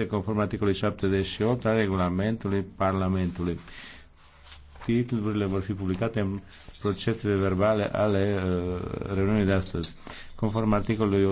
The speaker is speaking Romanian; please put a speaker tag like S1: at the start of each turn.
S1: este conform articolului 78 al regulamentului Parlamentului. Titlurile vor fi publicate în procesele verbale ale uh, reuniunii de astăzi.
S2: Conform articolului